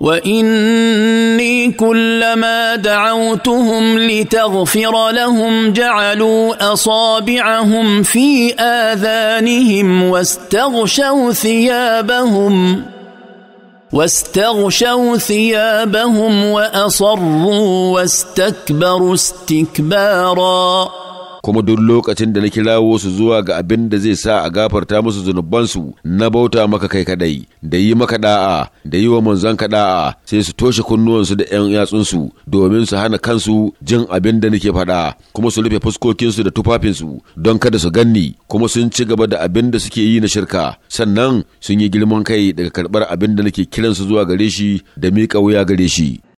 واني كلما دعوتهم لتغفر لهم جعلوا اصابعهم في اذانهم واستغشوا ثيابهم واستغشوا ثيابهم واصروا واستكبروا استكبارا kuma duk lokacin da na kirawo su zuwa ga abin da zai sa a gafarta musu zunubansu na bauta maka kai kadai da yi maka da'a da yi wa manzon ka da'a sai su toshe kunnuwansu da yan yatsunsu domin su hana kansu jin abin da nake faɗa kuma su rufe fuskokinsu da tufafinsu don kada su ganni kuma sun ci gaba da abin da suke yi na shirka sannan sun yi girman kai daga karɓar abin da nake kiransu zuwa gare shi da miƙa wuya gare shi